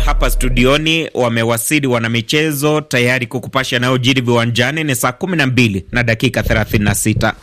hapa studioni wamewasili wanamichezo tayari kukupasha nayojiri viwanjani. Ni saa kumi na mbili na dakika thelathini na sita.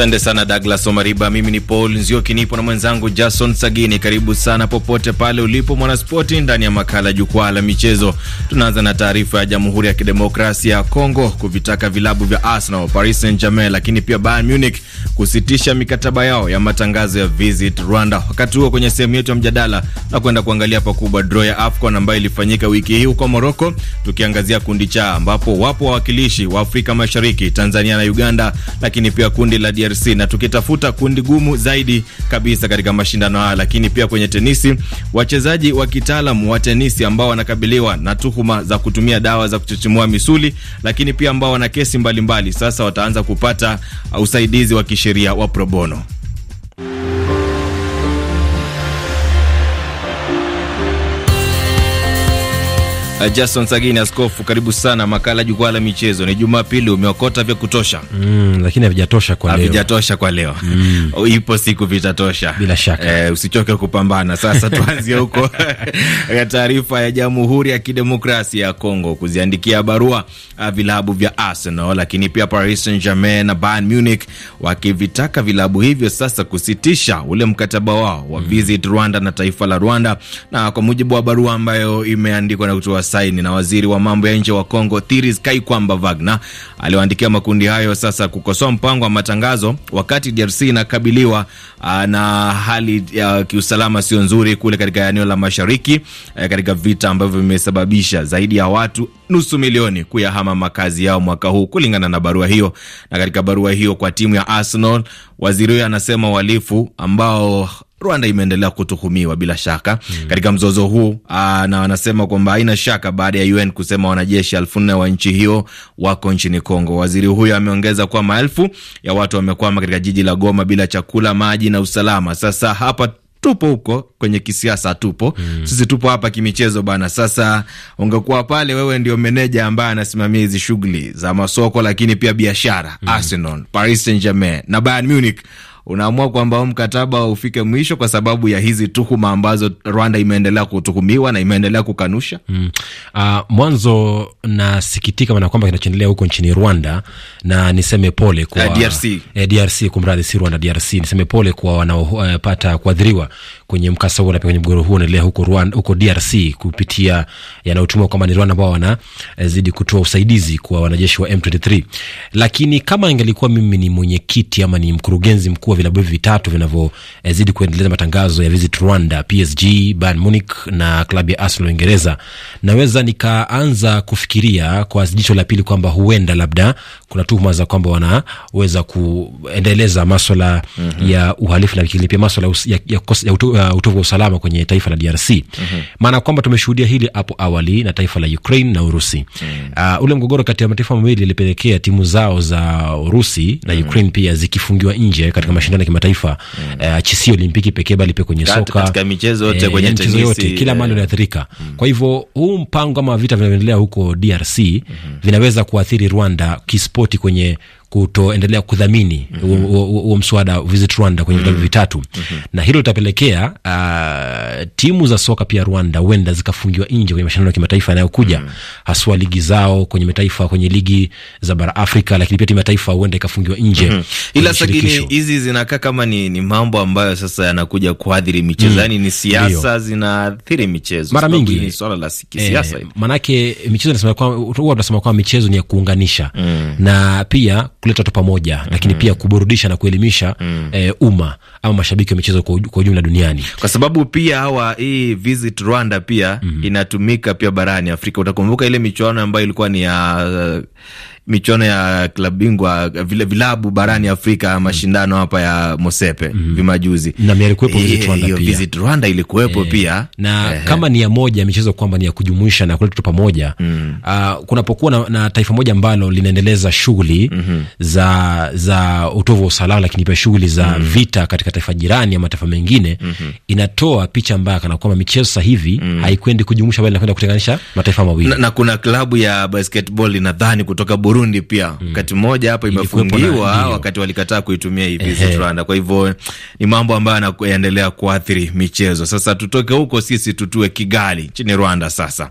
Asante sana Douglas Omariba. Mimi ni Paul Nzioki, nipo na mwenzangu Jason Sagini. Karibu sana popote pale ulipo mwanaspoti, ndani ya makala Jukwaa la Michezo. Tunaanza na taarifa ya Jamhuri ya Kidemokrasia ya Kongo kuvitaka vilabu vya Arsenal, Paris Saint Germain lakini pia Bayern Munich kusitisha mikataba yao ya matangazo ya Visit Rwanda. Wakati huo kwenye sehemu yetu ya mjadala na kwenda kuangalia pakubwa draw ya AFCON ambayo ilifanyika wiki hii huko Moroko, tukiangazia kundi cha ambapo wapo wawakilishi wa Afrika Mashariki, Tanzania na Uganda, lakini pia kundi la DRC, na tukitafuta kundi gumu zaidi kabisa katika mashindano haya. Lakini pia kwenye tenisi, wachezaji wa kitaalamu wa tenisi ambao wanakabiliwa na tuhuma za kutumia dawa za kuchochemua misuli, lakini pia ambao wana kesi mbalimbali mbali, sasa wataanza kupata usaidizi wa kisheria wa pro bono. Eh, Jason Sagini, askofu, karibu sana makala jukwaa la michezo. Ni Jumapili, umeokota vya kutosha mm, lakini havijatosha kwa leo, havijatosha kwa leo mm. Ipo siku vitatosha bila shaka eh, usichoke kupambana. Sasa tuanzie huko ya taarifa ya Jamhuri ya Kidemokrasia ya Kongo kuziandikia barua ah, vilabu vya Arsenal, lakini pia Paris Saint-Germain na Bayern Munich, wakivitaka vilabu hivyo sasa kusitisha ule mkataba wao wa mm. Visit Rwanda na taifa la Rwanda, na kwa mujibu wa barua ambayo imeandikwa na kutoa saini na waziri wa mambo ya nje wa congo Thiris Kaikwamba Wagner aliyoandikia makundi hayo sasa kukosoa mpango wa matangazo, wakati DRC inakabiliwa ah, na hali ya kiusalama sio nzuri kule katika eneo la mashariki, eh, katika vita ambavyo vimesababisha zaidi ya watu nusu milioni kuyahama makazi yao mwaka huu, kulingana na barua hiyo. Na katika barua hiyo kwa timu ya Arsenal, waziri huyo anasema uhalifu ambao Rwanda imeendelea kutuhumiwa bila shaka mm. katika mzozo huu aa, ah, na wanasema kwamba haina shaka baada ya UN kusema wanajeshi elfu nne wa nchi hiyo wako nchini Kongo. Waziri huyo ameongeza kuwa maelfu ya watu wamekwama katika jiji la Goma bila chakula, maji na usalama. Sasa hapa tupo huko kwenye kisiasa tupo mm. Sisi tupo hapa kimichezo bana. Sasa ungekuwa pale wewe ndio meneja ambaye anasimamia hizi shughuli za masoko, lakini pia biashara mm. Arsenal, Paris Saint Germain na Bayern Munich unaamua kwamba huu mkataba ufike mwisho kwa sababu ya hizi tuhuma ambazo Rwanda imeendelea kutuhumiwa na imeendelea kukanusha. Mm. Uh, mwanzo nasikitika maana kwamba kinachoendelea huko nchini Rwanda na niseme pole kwa uh, DRC, eh, DRC eh, kumradhi, si Rwanda, DRC. Niseme pole kwa wanaopata uh, eh, kuadhiriwa kwenye mkasa huo na pia kwenye mgogoro huo unaendelea huko Rwanda, huko DRC kupitia yanayotumwa kwamba ni Rwanda ambao wanazidi eh, kutoa usaidizi kwa wanajeshi wa M23. Lakini kama ingelikuwa mimi ni mwenyekiti ama ni mkurugenzi mkuu wa vilabu hivi vitatu vinavyozidi eh, kuendeleza matangazo ya Visit Rwanda, PSG, Bayern Munich na klabu ya Arsenal Uingereza, naweza nikaanza kufikiria kwa jicho la pili kwamba huenda labda kuna tuhuma za kwamba wanaweza kuendeleza maswala mm -hmm. ya uhalifu na pia maswala ya, ya, ya, ya kuna utovu wa usalama kwenye taifa la DRC mhm. maana mm -hmm. kwamba tumeshuhudia hili hapo awali na taifa la Ukraine na Urusi mm -hmm. uh, ule mgogoro kati ya mataifa mawili ilipelekea timu zao za Urusi na mm -hmm. Ukraine pia zikifungiwa nje katika mm -hmm. mashindano ya kimataifa mm -hmm. uh, eh, si olimpiki pekee bali pia kwenye soka katika michezo yote eh, kwenye tenisi yote kila mali inaathirika eh. mm -hmm. kwa hivyo huu mpango ama vita vinavyoendelea huko DRC mm -hmm. vinaweza kuathiri Rwanda kispoti kwenye kutoendelea kudhamini mhm. huo mm -hmm. mswada Visit Rwanda kwenye vitabu mm -hmm. vitatu mm -hmm. na hilo litapelekea uh, timu za soka pia Rwanda huenda zikafungiwa nje kwenye mashindano ya kimataifa yanayokuja mm -hmm. haswa ligi zao kwenye mataifa kwenye ligi za bara Afrika, lakini pia timu ya taifa huenda ikafungiwa nje mm -hmm. ila sagini hizi zinakaa kama ni, ni mambo ambayo sasa yanakuja kuathiri michezo mm -hmm. yani ni siasa zinaathiri michezo mara mingi, ni swala la kisiasa eh, manake michezo huwa tunasema kwamba michezo ni ya kuunganisha mm -hmm. na pia kuleta watu pamoja, lakini mm. pia kuburudisha na kuelimisha mm. Eh, umma ama mashabiki wa michezo kwa ujumla duniani, kwa sababu pia hawa hii Visit Rwanda pia mm. inatumika pia barani Afrika. Utakumbuka ile michuano ambayo ilikuwa ni ya michuano ya klabu bingwa vile vilabu barani Afrika, mashindano hapa ya Mosepe mm -hmm. vimajuzi na alikuwepo e, eh, Visit Rwanda pia, Visit Rwanda ilikuwepo e, pia na e, kama ni ya moja michezo kwamba ni ya kujumuisha na kuleta pamoja mm -hmm. uh, kunapokuwa na, na taifa moja ambalo linaendeleza shughuli mm -hmm. za za utovu wa usalama, lakini pia shughuli za mm -hmm. vita katika taifa jirani ya mataifa mengine mm -hmm. inatoa picha mbaya kana kwamba michezo sasa hivi mm -hmm. haikwendi kujumuisha bali inakwenda kutenganisha mataifa mawili na, na kuna klabu ya basketball inadhani kutoka Burundi Burundi pia mm. wakati mm. mmoja hapo imefungiwa wakati walikataa kuitumia hii visa Rwanda. Kwa hivyo ni mambo ambayo yanaendelea kuathiri michezo. Sasa tutoke huko sisi tutue Kigali nchini Rwanda. Sasa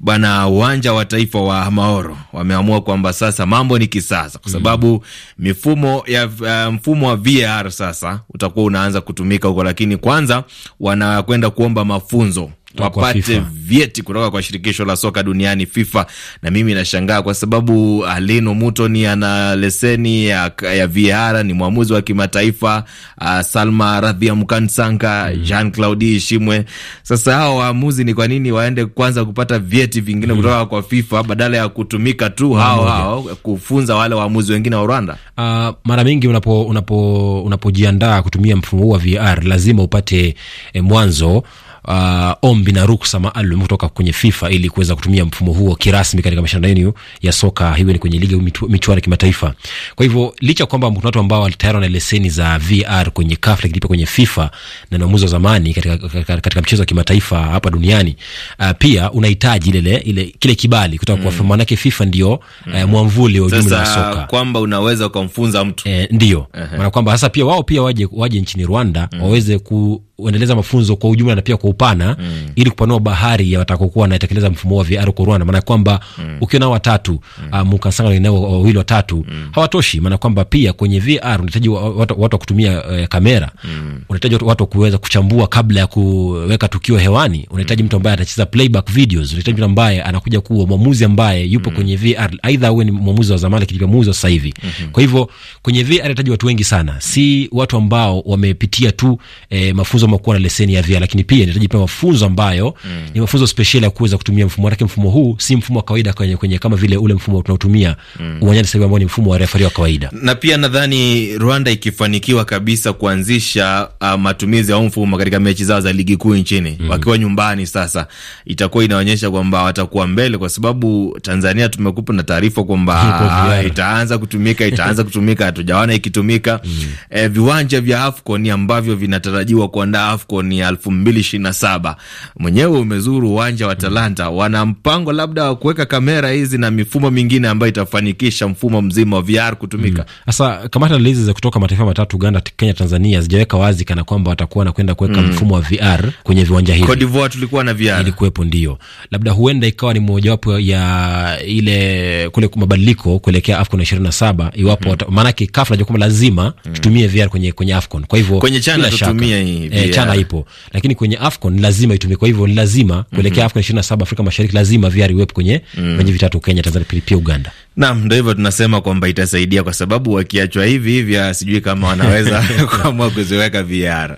bana, uwanja wa taifa wa Maoro wameamua kwamba sasa mambo ni kisasa, kwa mm. sababu mifumo ya uh, mfumo wa VAR sasa utakuwa unaanza kutumika huko, lakini kwanza wanakwenda kuomba mafunzo wapate vyeti kutoka kwa shirikisho la soka duniani FIFA. Na mimi nashangaa kwa sababu uh, Lino Mutoni ana leseni ya, ya VAR, ni mwamuzi wa kimataifa uh, Salma Radhia Mkansanka, mm. Jean Claudi Ishimwe. Sasa hawa waamuzi ni kwa nini waende kwanza kupata vyeti vingine mm. kutoka kwa FIFA badala ya kutumika tu hao hao kufunza wale waamuzi wengine wa Rwanda? Uh, mara mingi unapo unapo unapojiandaa kutumia mfumo huu wa VR lazima upate eh, mwanzo uh, ombi na ruksa maalum kutoka kwenye FIFA ili kuweza kutumia mfumo huo kirasmi katika mashindano ya soka, hiwe ni kwenye ligi au michuano kimataifa. Kwa hivyo licha kwamba kuna watu ambao tayari wana leseni za VR kwenye CAF lakini pia kwenye FIFA na uamuzi wa zamani katika, katika, katika mchezo wa kimataifa hapa duniani uh, pia unahitaji ile ile kile kibali kutoka kwa mm. maana yake FIFA ndio mm. uh, mwamvuli wa ujumla wa soka kwamba unaweza ukamfunza mtu eh, ndio uh -huh. maana kwamba sasa pia wao pia waje waje nchini Rwanda mm. waweze ku kuendeleza mafunzo kwa ujumla na pia kwa upana mm. ili kupanua bahari ya watakokuwa wanatekeleza mfumo wa VR kwa Rwanda. Maana kwamba mm. ukiwa nao watatu mm. uh, ah, mkasanga wengineo wawili watatu mm. hawatoshi. Maana kwamba pia kwenye VR unahitaji watu wa kutumia uh, kamera mm. unahitaji watu wa kuweza kuchambua kabla ya kuweka tukio hewani, unahitaji mm. mtu ambaye atacheza playback videos, unahitaji mtu ambaye anakuja kuwa mwamuzi ambaye yupo mm. kwenye VR, aidha awe ni mwamuzi wa zamani kidogo, mwamuzi wa sasa hivi mm -hmm. kwa hivyo kwenye VR unahitaji watu wengi sana, si watu ambao wamepitia tu eh, mafunzo kusoma kuwa na leseni ya VIA, lakini pia inahitaji pia mafunzo ambayo mm. ni mafunzo spesheli ya kuweza kutumia mfumo, manake mfumo huu si mfumo wa kawaida kwenye, kwenye kama vile ule mfumo tunaotumia mm. uwanjani sasa, ambao ni mfumo wa refari wa kawaida. Na pia nadhani Rwanda ikifanikiwa kabisa kuanzisha uh, matumizi ya mfumo katika mechi zao za ligi kuu nchini mm. wakiwa nyumbani, sasa itakuwa inaonyesha kwamba watakuwa mbele, kwa sababu Tanzania tumekupa na taarifa kwamba itaanza kutumika itaanza kutumika, hatujaona ikitumika mm. eh, viwanja vya AFCON ambavyo vinatarajiwa kuandaa kwenda AFCON ya elfu mbili ishirini na saba. Mwenyewe umezuru uwanja wa Talanta, wana mpango labda wa kuweka kamera hizi na mifumo mingine ambayo itafanikisha mfumo mzima wa VR kutumika. Mm. Sasa mm. kamata analisi za kutoka mataifa matatu Uganda, Kenya, Tanzania zijaweka wazi kana kwamba watakuwa na kwenda kuweka mm. mfumo wa VR kwenye viwanja hivi. Cote d'Ivoire tulikuwa na VR ilikuwepo, ndio labda huenda ikawa ni mojawapo ya ile kule mabadiliko kuelekea AFCON ishirini na saba iwapo mm. maanake kafu najua kwamba lazima mm. tutumie VR kwenye, kwenye AFCON kwa hivyo kwenye chana tutumie hii eh, yeah. Chana ipo lakini kwenye AFCON lazima itumike. Kwa hivyo lazima mhm. kuelekea AFCON 27 Afrika Mashariki lazima VAR iwepo kwenye mm. kwenye vitatu, Kenya, Tanzania, pia Uganda. Naam, ndio hivyo tunasema kwamba itasaidia kwa sababu wakiachwa hivi hivya, ah, sijui kama wanaweza kuamua kuziweka vr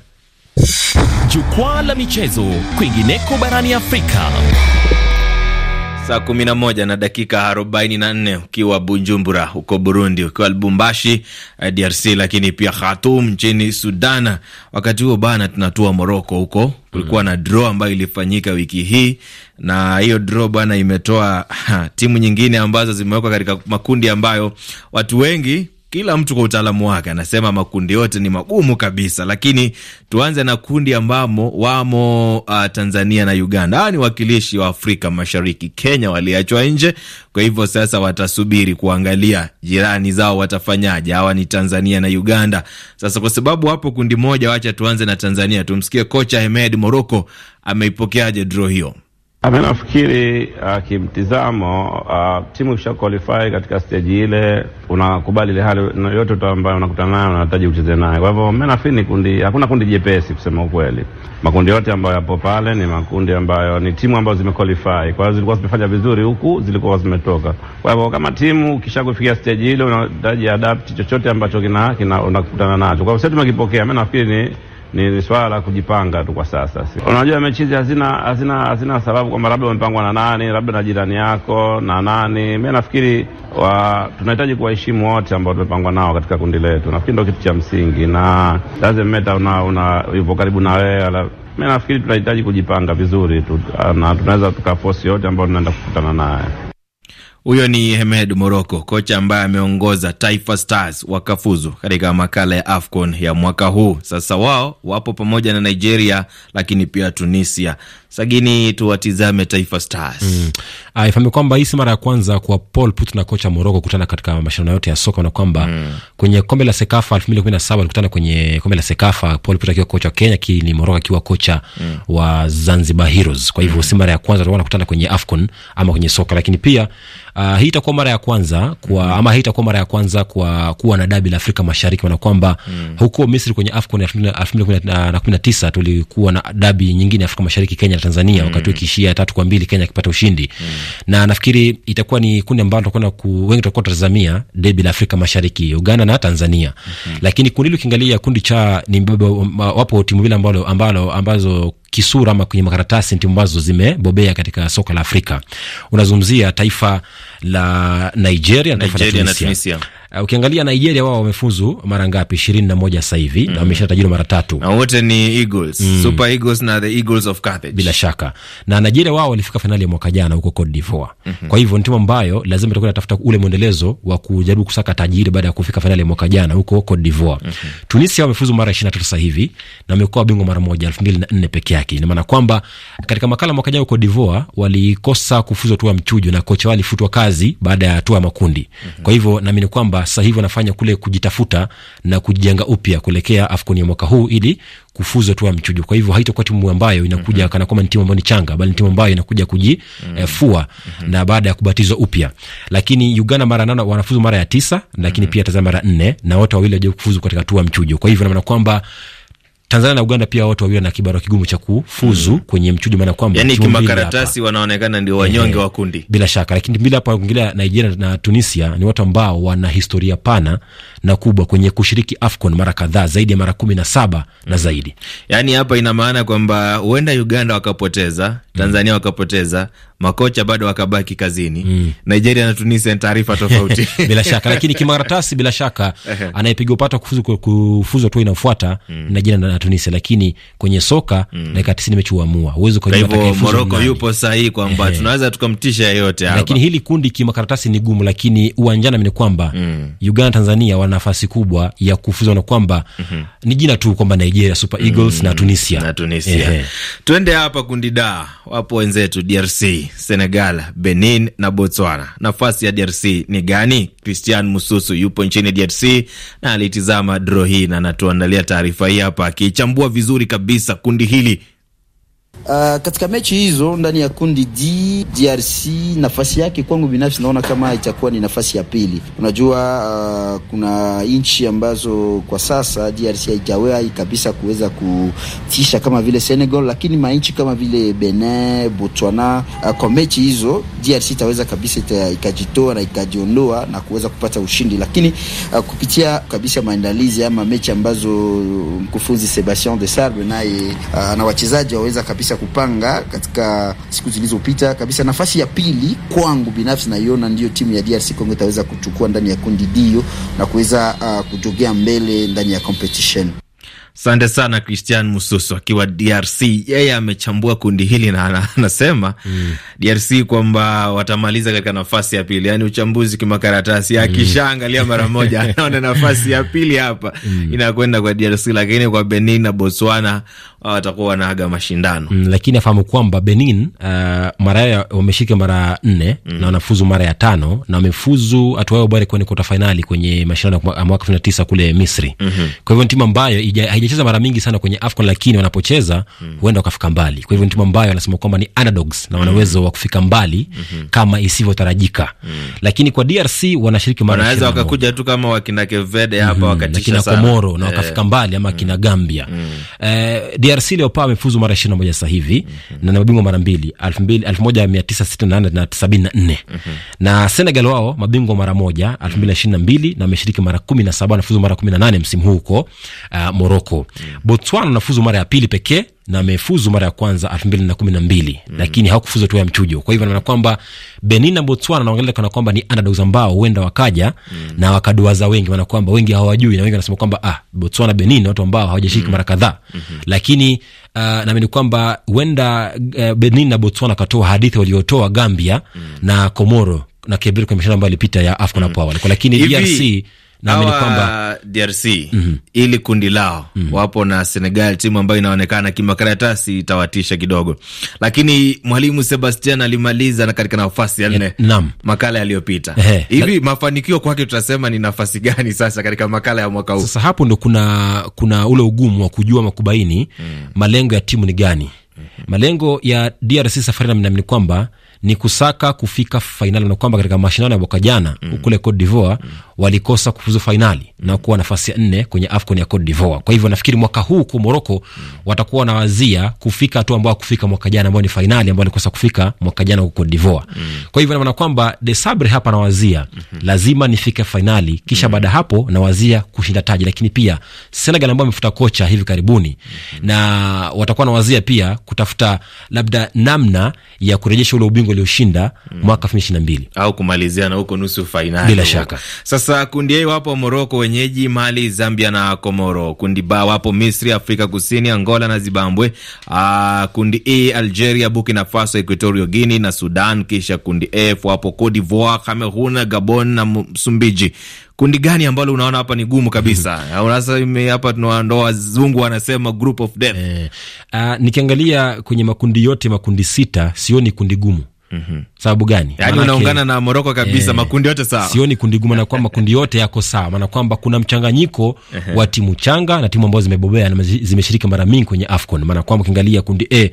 Jukwaa la michezo kwingineko barani Afrika. Saa 11 na dakika 44 ukiwa Bujumbura huko Burundi, ukiwa Lubumbashi eh, DRC, lakini pia Khartoum nchini Sudan. Wakati huo bana, tunatua Moroko huko kulikuwa na draw ambayo ilifanyika wiki hii, na hiyo draw bwana imetoa ha, timu nyingine ambazo zimewekwa katika makundi ambayo watu wengi kila mtu kwa utaalamu wake anasema makundi yote ni magumu kabisa, lakini tuanze na kundi ambamo wamo uh, Tanzania na Uganda. Hawa ni wakilishi wa Afrika Mashariki. Kenya waliachwa nje, kwa hivyo sasa watasubiri kuangalia jirani zao watafanyaje. Hawa ni Tanzania na Uganda. Sasa kwa sababu wapo kundi moja, wacha tuanze na Tanzania, tumsikie kocha Hemed Moroko ameipokeaje draw hiyo. Nafikiri uh, ah, kimtizamo uh, timu kisha qualify katika stage ile, unakubali ile hali yote ambayo unakutana nayo, unahitaji ucheze naye. Kwa hivyo mimi nafikiri ni kundi, hakuna kundi jepesi kusema ukweli. Makundi yote ambayo yapo pale ni makundi ambayo ni timu ambazo zimequalify, kwa hiyo zilikuwa zimefanya vizuri huku zilikuwa zimetoka. Kwa hivyo kama timu kisha kufikia stage ile, unahitaji adapt chochote ambacho kina, kina unakutana nacho. Kwa hivyo sisi tumekipokea, mimi nafikiri ni ni swala la kujipanga tu kwa sasa. Unajua, mechi hizi hazina hazina hazina sababu kwamba labda umepangwa na nani, labda na jirani yako na nani. Mi nafikiri tunahitaji kuwaheshimu wote ambao tumepangwa nao katika kundi letu. Nafikiri ndo kitu cha msingi, na meta una, una yupo karibu na wewe. Mi nafikiri tunahitaji kujipanga vizuri tu, na tunaweza tukafosi yote ambao tunaenda kukutana naye. Huyo ni Hemed Moroko, kocha ambaye ameongoza Taifa Stars wakafuzu katika makala ya AFCON ya mwaka huu. Sasa wao wapo pamoja na Nigeria, lakini pia Tunisia. Sagini, tuwatizame Taifa Stars. Mm. Ah, ifahamiwe kwamba hii si mara ya kwanza kwa Paul Put na kocha Moroko kukutana katika mashindano yote ya soka na kwamba mm. kwenye kombe la Sekafa 2017 mbili walikutana kwenye kombe la Sekafa, Paul Put akiwa kocha wa Kenya kini Moroko akiwa kocha mm. wa Zanzibar Heroes. Kwa hivyo mm. si hmm. mara ya kwanza tunaona kukutana kwenye AFCON ama kwenye soka, lakini pia uh, hii itakuwa mara ya kwanza kwa mm. ama hii itakuwa mara ya kwanza kwa kuwa na dabi la Afrika Mashariki, na kwamba mm. huko Misri kwenye AFCON elfu mbili tulikuwa na dabi nyingine Afrika Mashariki, Kenya na Tanzania mm. wakati ikiishia tatu kwa mbili Kenya akipata ushindi mm na nafikiri itakuwa ni kundi ambalo tutakwenda ku, wengi tutakuwa tutazamia debi la Afrika Mashariki, Uganda na Tanzania. mm -hmm. Lakini kundi hili ukiangalia kundi cha ni mbaba, wapo timu mbili ambalo, ambalo ambazo kisura ama kwenye makaratasi timu ambazo zimebobea katika soka la Afrika. Unazungumzia taifa la Nigeria na taifa Nigeria la Tunisia. Uh, ukiangalia Nigeria wao wamefuzu mara ngapi? ishirini na moja sasa hivi mm. na wameshinda tajiri mara tatu, na wote ni Eagles mm. Super Eagles na the Eagles of Carthage, bila shaka. Na Nigeria wao walifika fainali ya mwaka jana huko Cote d'Ivoire mm -hmm. Kwa hivyo ni timu ambayo lazima itakuwa inatafuta ule mwendelezo wa kujaribu kusaka tajiri baada ya kufika fainali ya mwaka jana huko Cote d'Ivoire mm -hmm. Tunisia wamefuzu mara ishirini na tatu sasa hivi na wamekuwa bingwa mara moja elfu mbili na nne peke yake. Ina maana kwamba katika makala mwaka jana huko Cote d'Ivoire walikosa tu ya mchujo na kocha wao alifutwa kazi baada ya hatua ya makundi mm -hmm. Kwa hivyo naamini kwamba sasa hivi wanafanya kule kujitafuta na kujijenga upya kuelekea AFCON ya mwaka huu ili kufuzwa tu ya mchujo. Kwa hivyo haitakuwa timu ambayo inakuja mm -hmm. kana kwamba ni timu ambayo ni changa, bali ni timu ambayo inakuja kujifua mm -hmm. na baada ya kubatizwa upya. Lakini Uganda mara nane wanafuzu mara ya tisa, lakini mm -hmm. pia tazama mara nne, na wote wawili wajakufuzu katika tu ya mchujo. Kwa hivyo na kwamba Tanzania na Uganda pia watu wawili na kibarua kigumu cha kufuzu mm. kwenye mchujo, maana kwamba yani kimakaratasi wanaonekana ndio wanyonge wa kundi bila shaka, lakini bila hapa kuingilia Nigeria na Tunisia ni watu ambao wana historia pana na kubwa kwenye kushiriki AFCON mara kadhaa zaidi ya mara kumi na saba mm. na zaidi. Yani hapa ina maana kwamba huenda Uganda wakapoteza Tanzania wakapoteza, makocha bado wakabaki kazini mm. Nigeria na Tunisia ni taarifa tofauti bila shaka, lakini kimaratasi bila shaka anayepiga upata kufuzu, kufuzu hatua inayofuata mm. Nigeria na Tunisia, lakini kwenye soka mm. dakika tisini mechi huamua. Huwezi kujua atakayefuzu. Moroko yupo sahihi kwamba tunaweza tukamtisha yeyote hapa, lakini hili kundi kimakaratasi ni gumu, lakini uwanjani ni kwamba mm. Uganda, Tanzania wana nafasi kubwa ya kufuzu na kwamba mm -hmm. ni jina tu kwamba Nigeria Super Eagles mm. na Tunisia, na Tunisia. Ehe. Tuende hapa kundi da wapo wenzetu DRC, Senegal, Benin na Botswana. Nafasi ya DRC ni gani? Christian Mususu yupo nchini DRC na alitizama dro hii na anatuandalia taarifa hii hapa, akiichambua vizuri kabisa kundi hili Uh, katika mechi hizo ndani ya kundi D DRC, nafasi yake kwangu binafsi naona kama itakuwa ni nafasi ya pili. Unajua, uh, kuna nchi ambazo kwa sasa DRC haijawahi kabisa kuweza kutisha kama vile Senegal, lakini manchi kama vile Benin, Botswana, uh, kwa mechi hizo DRC itaweza kabisa ita, ikajitoa na ikajiondoa na kuweza kupata ushindi, lakini uh, kupitia kabisa maandalizi ama mechi ambazo mkufunzi Sebastian de Sarbe naye uh, na wachezaji waweza kabisa kabisa kupanga katika siku zilizopita kabisa. Nafasi ya pili kwangu binafsi naiona ndiyo timu ya DRC Congo itaweza kuchukua ndani ya kundi dio na kuweza uh, kujogea mbele ndani ya competition. Asante sana Christian Mususu akiwa DRC. Yeye amechambua kundi hili na anasema mm. DRC kwamba watamaliza katika nafasi ya pili, yaani uchambuzi kimakaratasi. Hmm. Akishaangalia mara moja anaona nafasi ya pili hapa mm. inakwenda kwa DRC, lakini kwa Benin na Botswana watakuwa wanaaga mashindano mm, lakini afahamu kwamba Benin uh, mara yao wameshika mara nne mm, na wanafuzu mara ya tano na wamefuzu hatua yao bora kwenye kota fainali kwenye mashindano ya mwaka elfu mbili na tisa kule Misri. mm -hmm. Kwa hivyo ni timu ambayo haijacheza mara mingi sana kwenye AFCON, lakini wanapocheza mm, huenda wakafika mbali. Kwa hivyo ni timu ambayo wanasema kwamba ni underdogs na wana mm. uwezo wa kufika mbali mm -hmm. kama isivyotarajika mm. Lakini kwa DRC wanashiriki mara wanaweza wakakuja tu kama wakina Kevede hapa mm -hmm. wakatisha sana na kina Komoro na eh. wakafika mbali ama mm. kina Gambia mm. -hmm. eh, DRC e Leopards wamefuzu mara 21 sasa hivi mm -hmm. na ni mabingwa mara mbili 1968 na 74 mhm. na Senegal wao mabingwa mara moja 2022 mhm. na wameshiriki mara 17 na fuzu mara 18 msimu huu huko uh, Morocco. Mhm. Botswana wanafuzu mara ya pili pekee na amefuzu mara ya kwanza elfu mbili na kumi na mbili mm. lakini hawakufuzu tu ya mchujo. Kwa hivyo naona kwamba Benin na Botswana naongelea kana kwamba ni underdogs ambao huenda wakaja mm. na wakaduaza wengi, maana kwamba wengi hawajui na wengi wanasema kwamba ah, Botswana Benin watu ambao hawajashiriki mm. mara kadhaa mm -hmm. lakini uh, naamini kwamba huenda uh, eh, Benin na Botswana katoa hadithi waliotoa Gambia mm. na Komoro na Kebiri kwenye mashindano ambayo alipita ya AFCON hapo mm. awali, lakini DRC naamini kwamba DRC mm -hmm. ili kundi lao mm -hmm. wapo na Senegal, timu ambayo inaonekana kimakaratasi itawatisha kidogo, lakini mwalimu Sebastian alimaliza na katika nafasi ya nne makala yaliyopita hivi Kat... mafanikio kwake tutasema ni nafasi gani sasa katika makala ya mwaka huu? Sasa hapo ndo kuna, kuna ule ugumu wa kujua makubaini mm -hmm. malengo ya timu ni gani? Mhm. malengo ya DRC safari nami naamini kwamba ni kusaka kufika fainali na kwamba katika mashindano ya mwaka jana mm. kule Cote d'Ivoire mm walikosa kufuzu fainali na kuwa nafasi ya nne kwenye AFCON ya Cote d'Ivoire. Kwa hivyo nafikiri mwaka huu huko Moroko watakuwa wanawazia kufika hatua ambayo kufika mwaka jana, ambayo ni fainali ambayo walikosa kufika mwaka jana huko Cote d'Ivoire. Mm. Kwa hivyo naona kwamba De Sabre hapa nawazia mhm. lazima nifike fainali, kisha mm. baada ya hapo nawazia kushinda taji, lakini pia Senegal ambao amefuta kocha hivi karibuni mhm. na watakuwa nawazia pia kutafuta labda namna ya kurejesha ule ubingwa ulioshinda mm. mwaka elfu mbili ishirini na mbili au kumaliziana huko nusu fainali bila shaka sasa sasa kundi A wapo Moroko wenyeji, Mali, Zambia na Komoro. Kundi B wapo Misri, Afrika Kusini, Angola na Zimbabwe. Aa, ah, kundi E Algeria, Burkina Faso, Equatorio Guini na Sudan. Kisha kundi F wapo Cote d'Ivoire, Cameroon, Gabon na Msumbiji. Kundi gani ambalo unaona hapa ni gumu kabisa? Sasa hapa ndo wazungu wanasema group of death. Eh, uh, nikiangalia kwenye makundi yote makundi sita sioni kundi gumu. Mm -hmm. Sababu gani? Yani unaungana na Moroko kabisa, e, makundi yote sawa. Sioni kundi gumu na kwamba makundi yote yako sawa, maana kwamba kuna mchanganyiko wa timu changa na timu ambazo zimebobea na zimeshiriki mara mingi kwenye AFCON. Maana kwamba ukiangalia kundi A,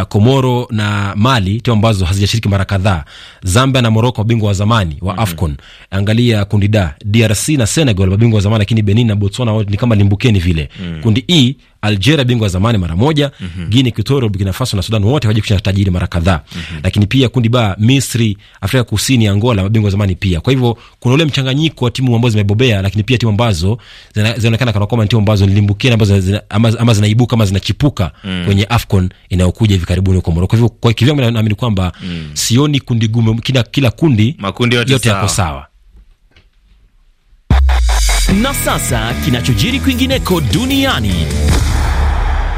uh, Komoro na Mali, timu ambazo hazijashiriki mara kadhaa. Zambia na Moroko, mabingwa wa zamani wa AFCON. Angalia kundi D, DRC na Senegal, mabingwa wa zamani, lakini Benin na Botswana wote ni kama limbukeni vile. Mm. Kundi E, Algeria bingwa zamani mara moja, mhm. Guinea, Equatorial, Burkina Faso na Sudan wote hawajakushinda tajiri mara kadhaa. Mhm. Lakini pia kundi ba Misri, Afrika Kusini, Angola mabingwa zamani pia. Kwa hivyo kuna ule mchanganyiko wa timu ambazo zimebobea, lakini pia timu ambazo zinaonekana kana kwamba timu ambazo nilimbukia ambazo zina, ama, ama zinaibuka ama zinachipuka mm. kwenye AFCON inayokuja hivi karibuni huko Moroko. Kwa hivyo kwa kivyangu naamini kwamba mm. sioni kundi gumu, kila, kila kundi makundi yote yako sawa na sasa kinachojiri kwingineko duniani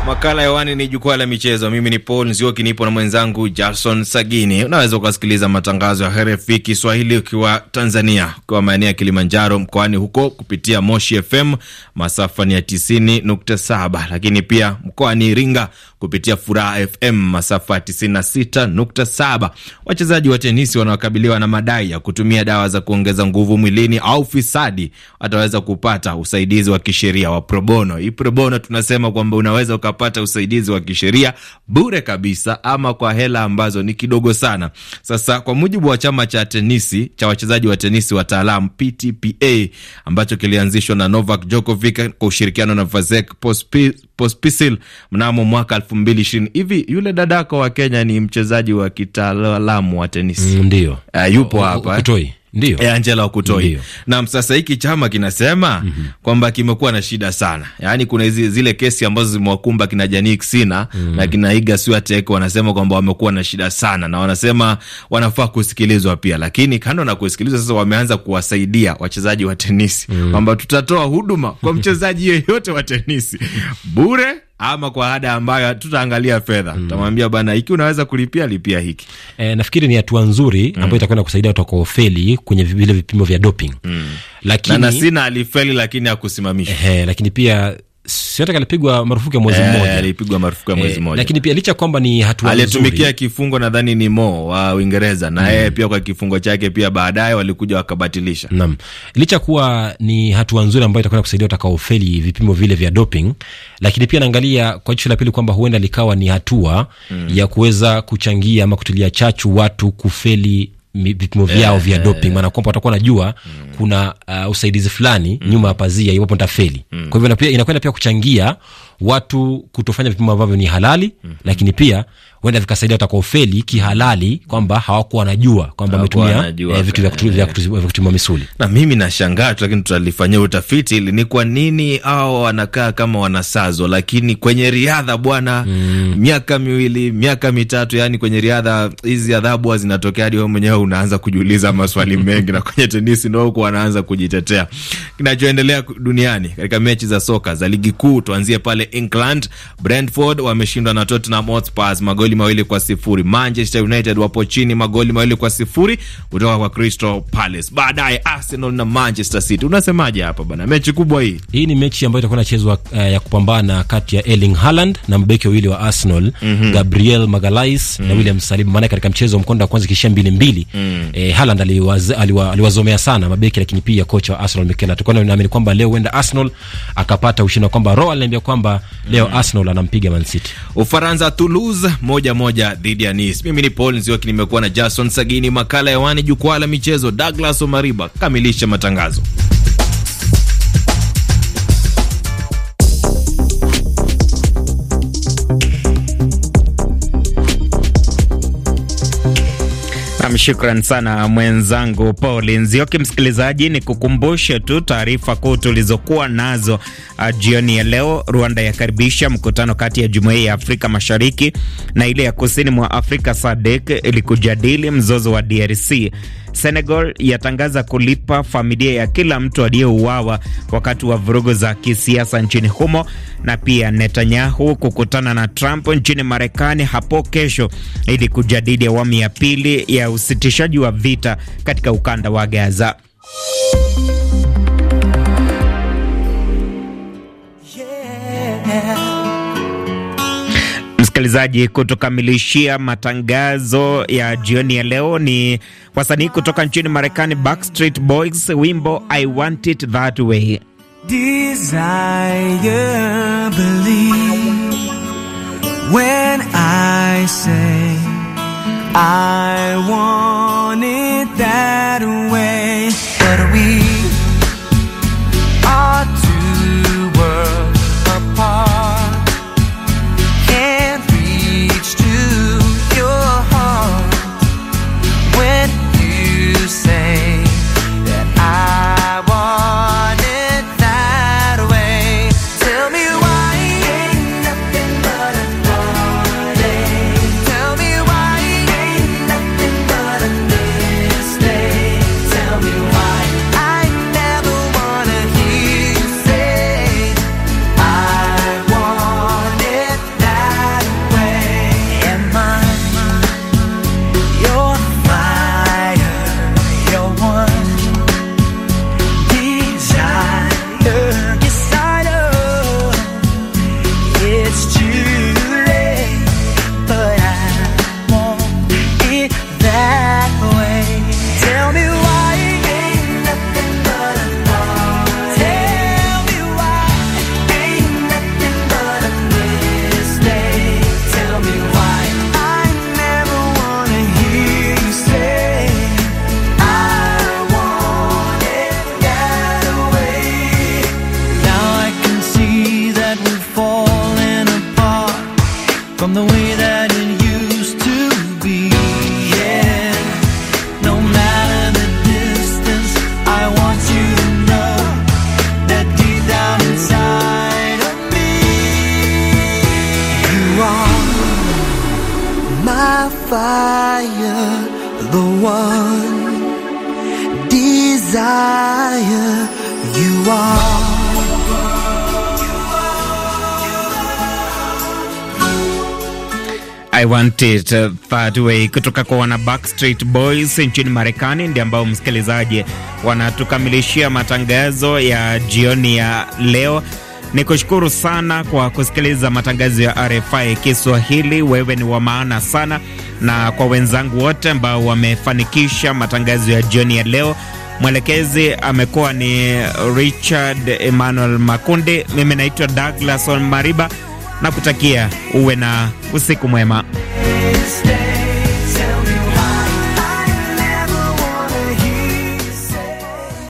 Makala hewani ni jukwaa la michezo. Mimi ni Paul Nzioki, nipo na mwenzangu Jason Sagini. Unaweza ukasikiliza matangazo ya RFI Kiswahili ukiwa Tanzania, ukiwa maeneo ya Kilimanjaro mkoani huko kupitia Moshi FM masafa ni ya 90.7, lakini pia mkoani Iringa kupitia Furaha FM masafa ya 96.7. Wachezaji wa tenisi wanaokabiliwa na madai ya kutumia dawa za kuongeza nguvu mwilini au fisadi wataweza kupata usaidizi wa kisheria wa probono. Hii probono tunasema kwamba unaweza uka unapata usaidizi wa kisheria bure kabisa, ama kwa hela ambazo ni kidogo sana. Sasa kwa mujibu wa chama cha tenisi cha wachezaji wa tenisi wataalam PTPA ambacho kilianzishwa na Novak Djokovic kwa ushirikiano na Vasek Pospisil mnamo mwaka elfu mbili ishirini hivi. Yule dadako wa Kenya ni mchezaji wa kitaalamu wa tenisi, mm, ndio ah, yupo hapa eh? Ndiyo. ya eh, Angela Okutoi. Na sasa hiki chama kinasema mm -hmm. kwamba kimekuwa na shida sana, yaani kuna zi, zile kesi ambazo zimewakumba kina Jannik Sinha mm -hmm. na kina Iga Swiatek, wanasema kwamba wamekuwa na shida sana, na wanasema wanafaa kusikilizwa pia, lakini kando na kusikilizwa, sasa wameanza kuwasaidia wachezaji wa tenisi mm -hmm. kwamba tutatoa huduma kwa mchezaji yeyote wa tenisi bure ama kwa ada ambayo tutaangalia fedha mm. Tamwambia bana, ikiwa unaweza kulipia lipia hiki e, nafikiri ni hatua nzuri mm. ambayo itakwenda kusaidia watu kwenye vile vipimo vya doping mm. Lakini na Nasina alifeli, lakini hakusimamishwa. lakini pia Siata alipigwa marufuku ya mwezi eh, mmoja, alipigwa marufuku ya mwezi eh, mmoja, lakini pia licha kwamba ni hatua nzuri, alitumikia kifungo nadhani ni Mo wa Uingereza na mm. yeye mm, pia kwa kifungo chake pia baadaye walikuja wakabatilisha. Naam, licha kuwa ni hatua nzuri ambayo itakwenda kusaidia watakaofeli vipimo vile vya doping, lakini pia naangalia kwa jicho la pili kwamba huenda likawa ni hatua mm, ya kuweza kuchangia ama kutilia chachu watu kufeli vipimo vyao vya eh, doping, eh, maana kwamba watakuwa najua mm. kuna uh, usaidizi fulani mm. nyuma ya pazia iwapo nitafeli. Mm. Kwa hivyo inakwenda pia kuchangia watu kutofanya vipimo ambavyo ni halali, mm-hmm. lakini pia huenda vikasaidia ufeli kihalali kwamba hawakuwa wanajua kwamba wametumia eh, vitu vya kutumia misuli. Na mimi nashangaa tu, lakini tutalifanyia utafiti ili ni kwa nini hao wanakaa kama wanasazwa, lakini kwenye riadha bwana, mm. miaka miwili miaka mitatu, yani kwenye riadha hizi adhabu zinatokea hadi wewe mwenyewe unaanza kujiuliza maswali mengi, na kwenye tenisi ndio huko wanaanza kujitetea kinachoendelea duniani katika mechi za soka za ligi kuu. Tuanzie pale England, Brentford wameshindwa na Tottenham Hotspur magoli magoli mawili kwa sifuri. Manchester United wapo chini magoli mawili kwa sifuri kutoka kwa Crystal Palace. Baadaye Arsenal na Manchester City. Unasemaje hapa bana? Mechi kubwa hii. Hii ni mechi ambayo itakuwa inachezwa uh, ya kupambana kati ya Erling Haaland na mbeki wawili wa Arsenal, mm -hmm. Gabriel Magalhaes mm -hmm. na mhm. William Saliba. Maana katika mchezo wa mkondo wa kwanza kisha mbili mbili, mm -hmm. eh, Haaland aliwazomea aliwa, aliwa sana mabeki, lakini pia kocha wa Arsenal Mikel Arteta. Naamini kwamba leo huenda Arsenal akapata ushindi, kwamba Roa aliniambia kwamba leo mm -hmm. Arsenal anampiga Man City. Ufaransa Toulouse moja moja dhidi ya Nice. Mimi ni Paul Nzioki, nimekuwa na Jason Sagini, makala ya wani, jukwaa la michezo. Douglas Omariba kamilisha matangazo. Nam, shukran sana mwenzangu Paul Nzioki. Msikilizaji, ni kukumbushe tu taarifa kuu tulizokuwa nazo uh, jioni ya leo. Rwanda yakaribisha mkutano kati ya jumuiya ya Afrika Mashariki na ile ya kusini mwa Afrika SADC ili kujadili mzozo wa DRC. Senegal yatangaza kulipa familia ya kila mtu aliyeuawa wakati wa vurugu za kisiasa nchini humo, na pia Netanyahu kukutana na Trump nchini Marekani hapo kesho ili kujadili awamu ya pili ya usitishaji wa vita katika ukanda wa Gaza. msikilizaji, kutukamilishia matangazo ya jioni ya leo ni wasanii kutoka nchini Marekani, Backstreet Boys, wimbo I Want It That Way. Desire, believe, when I say I want it that way, but we I want it that uh, way kutoka kwa wana Backstreet Boys nchini Marekani, ndio ambao msikilizaji wanatukamilishia matangazo ya jioni ya leo. Ni kushukuru sana kwa kusikiliza matangazo ya RFI Kiswahili. Wewe ni wa maana sana, na kwa wenzangu wote ambao wamefanikisha matangazo ya jioni ya leo. Mwelekezi amekuwa ni Richard Emmanuel Makundi, mimi naitwa Douglas Mariba na kutakia uwe na usiku mwema.